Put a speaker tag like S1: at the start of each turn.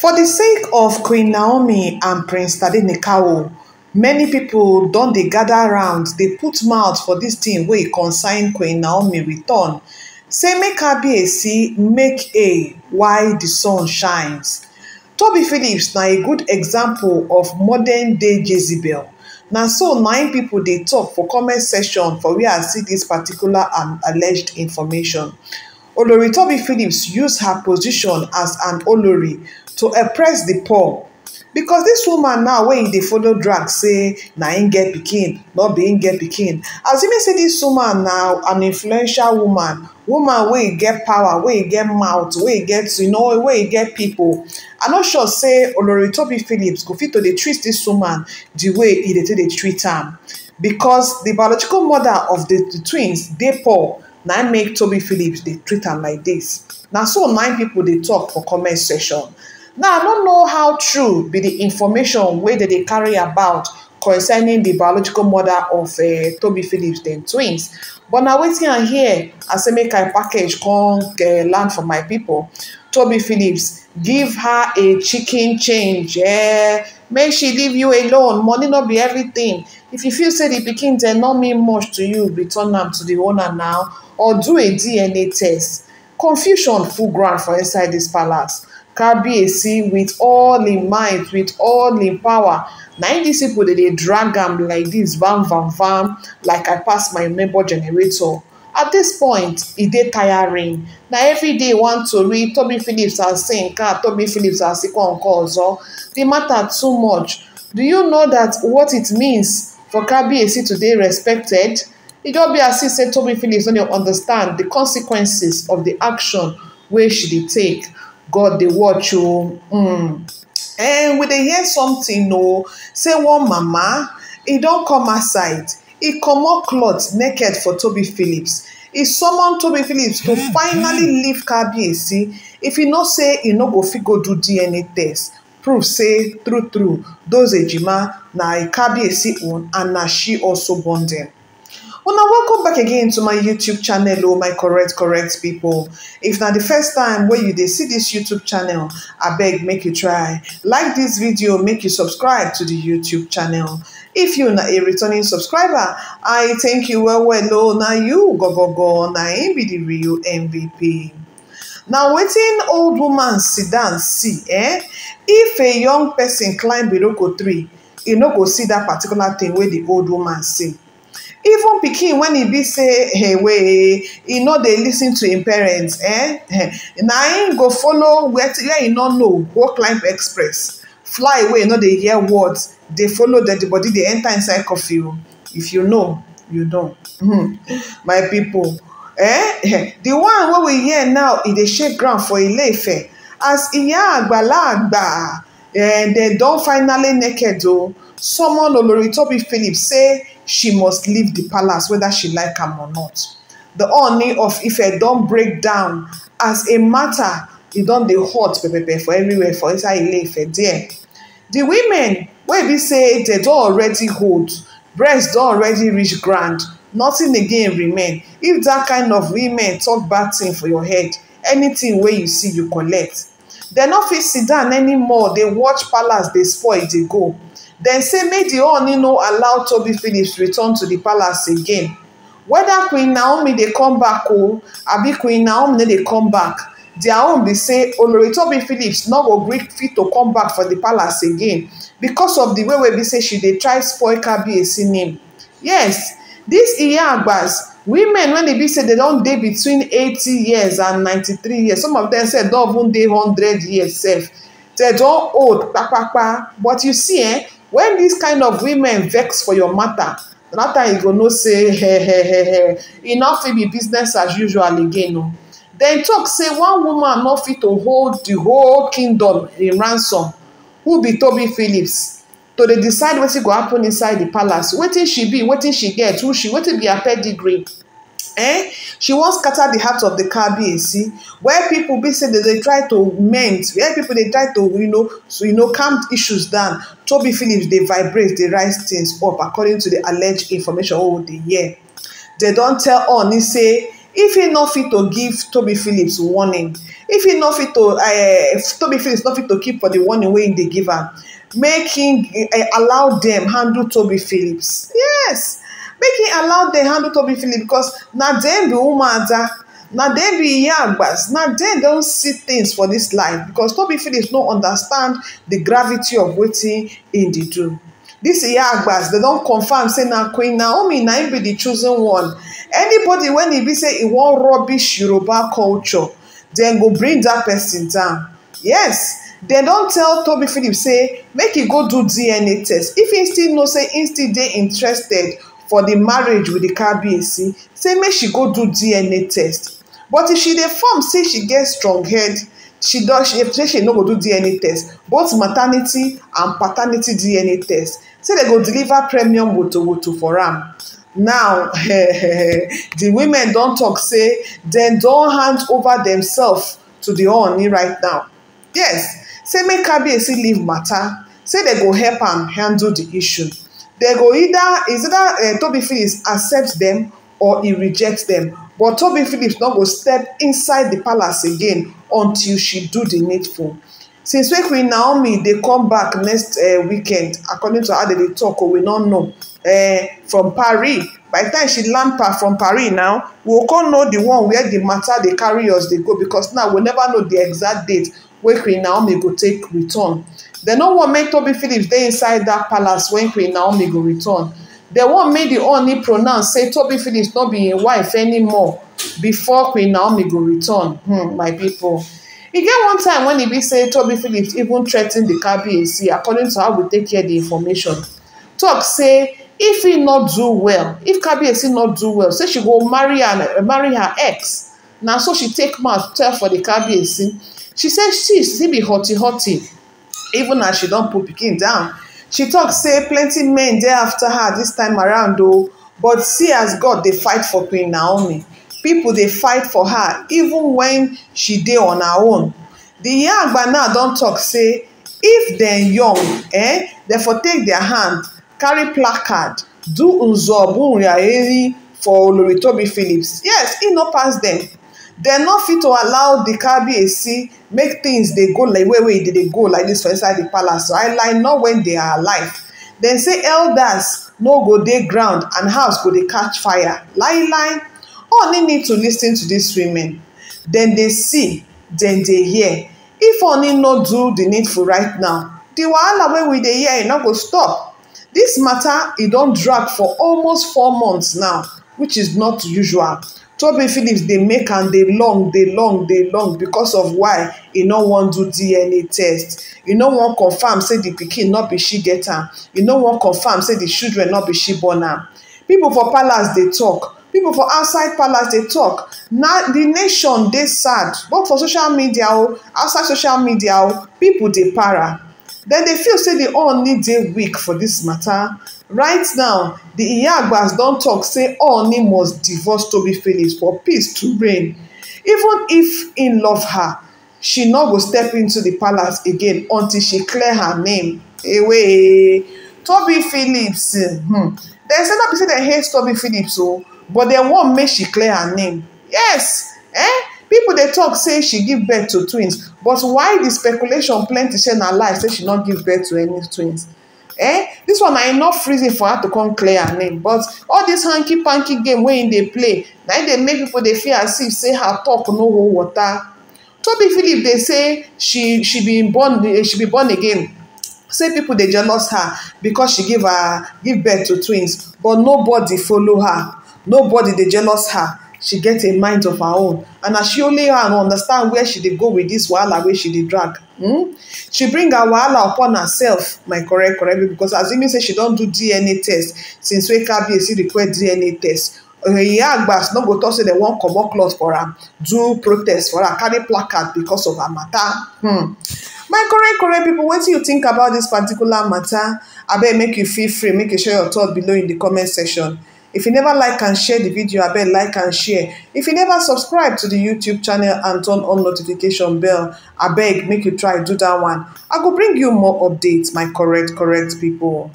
S1: For the sake of Queen Naomi and Prince Tade Nikawo, many people don't they gather round They put mouth for dis tin wey e consign Queen Naomi return say make a Kabiyesi make a why the sun shines. Toby Phillips na a good example of modern day Jezebel. Na so nine people they talk for comment session for where I see this particular and alleged information. Olori Toby Phillips used her position as an Olori to oppress the poor because this woman now wey e dey follow drag say na im get pikin not be im get pikin assuming say this woman na an influential woman woman wey e get power wey e get mouth wey e get you know wey e get people. i no sure say oloritobi phillips go fit to dey treat this woman the way e dey take dey treat am because the biological mother of the twins dey poor na make tobi phillips dey treat am like this. na so nine people dey talk for comment section now i don't know how true be the information wey dem dey carry about concerning the biological mother of eh, toby phillips dem twins but now waiting i here I say make a package come eh, land for my people. toby phillips give her a chicken change Yeah, may she leave you alone money not be everything if you feel say the pikin dem not mean much to you return them to the owner now or do a dna test confusion full ground for inside this palace kabiyesi with all im might with all im power na im dis pipo dey dey drag am like dis vam vam vam like i pass my member generator at dis point e dey tiring na everyday one tori Tommy phillips and sinka Tommy phillips and sikonko ozo di matter too much do you know that what it means for kabiyesi to dey respected e just be as if say tobi phillips no dey understand the consequences of the action wey she dey take god dey watch o mm. and eh, we dey hear something o say one mama e don come outside e comot cloth naked for toby phillips e summon toby phillips to hmm, finally hmm. leave KBC. if e no say e no go fit go do dna test prove say true true those ejima na KBC own and na she also born dem Now welcome back again to my youtube channel o oh, my correct correct people. if na the first time wey you dey see this youtube channel I beg make you try like this video make you subscribe to the youtube channel if you na a returning subscriber i thank you well well o oh, Now you go go go. Now im be the real mvp Now wetin old woman sit down see eh if a young person climb iroko tree e no go see that particular thing where the old woman see even pikin when e be say hey eh, wey e no dey lis ten to im parents eh, eh na im go follow where e no know go climb express fly away e no dey hear words dey follow the body dey enter inside coffee o if you know you know hmm. my people, eh, eh the one wey we hear now e dey shake ground for ileife as iya agbalagba eh dem don finally naked o someone olori tobi Phillips say she must leave the palace whether she like him or not the only of if I don't break down as a matter don't the hot pepepe for everywhere for inside ile ife there the women where they say don't already hold breast not already reach ground nothing again remain if that kind of women talk bad thing for your head anything where you see you collect they are not sit down anymore They watch palace they spoil they go dem say make di honey no allow toby phillips return to di palace again weda queen naomi dey come back o abi queen naomi no dey come back dia own be say olori toby phillips no go gree fit to come back for di palace again because of di way wey be say she dey try spoil kabiyesi name yes dis iya agbas women wen e be say dem don dey between eighty years and ninety-three years some of dem sef don even dey hundred years sef dem don old kpakpakpa but you see eh When this kind of women vex for your matter na time you go know say hey, hey, hey, hey, e no fit be business as usual again o oh. dem talk say one woman no fit to hold the whole kingdom in ransom who be toby phillips to dey decide wetin go happen inside the palace wetin she be wetin she get who she wetin be her pedigree Eh? She once scattered the heart of the KBC. where people be say they, they try to mend, where people they try to, you know, so, you know, calm issues down. Toby Phillips, they vibrate, they rise things up according to the alleged information over the year. They don't tell Ooni say if he no fit to give Toby Phillips warning, if he no fit to, uh, Toby Phillips no fit to keep for the warning wey dey give am, make him uh, allow them handle Toby Phillips. Yes make him allow the handle to be philip because now they be umuada now they be iye now they don't see things for this life because Toby philip no understand the gravity of waiting in the do dis iye they don't confirm say now queen naomi na im be the chosen one anybody when he be say he want rubbish yoruba culture then go bring that person down yes they don't tell Toby philip say make e go do dna test if he still know say e still dey interested for the marriage with the kabiyesi say make she go do dna test but if she dey form say she get strong head she say she no go do dna test both maternity and paternity dna test say dem go deliver premium wotowoto for am now di women don tok say dem don hand over demsef to di honey right now yes say make kabiyesi leave mata say dem go help am handle di issue they go either is either uh, Toby Phillips accept them or he reject them. But Toby Phillips no go step inside the palace again until she do the needful. Since wey Queen Naomi dey come back next uh, weekend, according to how they dey talk, we no know, uh, from Paris, by the time she land pa from Paris now, we we'll come know the one where the matter dey carry us dey go because now we never know the exact date wey Queen Naomi go take return. They no want make toby phillips stay inside that palace when queen naomi go return They want make the only pronounce say toby phillips not be a wife anymore before queen naomi go return hmm my people. e get one time when he be say toby phillips even threaten the kbac according to how we take care the information Talk say if he not do well if kbac not do well say she go marry her eh, marry her ex Now so she take mouth tell for the kbac she say she still be hotty hotty even as she don put pikin down she tok say plenty men dey after her this time around o but see as god dey fight for queen naomi People dey fight for her even when she dey on her own di yagba now don talk say if dem young eh dem for take their hand carry placard do nzobunriaeri for olori tobi phillips yes e no pass dem dem no fit to allow di kabiyesi make tins dey go like way wey e dey go like dis for inside di palace So i lie not wen dey are alive dem say elders no go dey ground and house go dey catch fire lie lie only need to lis ten to dis women dem dey see dem dey hear if only no do di needful right now di wahala wey we dey hear e no go stop dis mata e don drag for almost four months now which is not usual toby phillips dey make am dey long dey long dey long because of why e no wan do dna test e no wan confirm say di pikin not be she get am e no wan confirm say di children not be she born am pipo for palace dey talk. pipo for outside palace dey tok di nation dey sad both for social media o oh. outside social media o oh. pipo dey para dem dey feel say di all need dey weak for dis mata right now di iyagbas don talk. say ooni must divorce tobi phillips for peace to reign even if im love her she no go step into the palace again until she clear her name away tobi phillips hmm dem say no be say dem hate tobi phillips o oh, but dem wan make she clear her name yes eh People dey talk say she give birth to twins but why the speculation plenty say na lie say she no give birth to any twins eh dis one I not freezing for her to come clear her name but all this hanky panky game wey im dey play na im dey make people dey feel as if say her talk no hold water tobi philip dey say she she be born she be born again say people dey jealous her because she give her give birth to twins but nobody follow her nobody dey jealous her she get a mind of her own and na she only her understand where she dey go with dis wahala wey she dey drag hmm she bring her wahala upon herself my correct correct baby because as e mean say she don do dna test since wey kabiyesi request dna test oyoyi eh, e agbas no go talk say dem wan comot cloth for am do protest for her carry placard because of her matter hmm my correct correct people, wetin you think about this particular matter abeg make you feel free make you share your thought below in the comment section If you never like and share the video, I bet like and share. If you never subscribe to the YouTube channel and turn on notification bell, I beg make you try do that one. I will bring you more updates, my correct, correct people.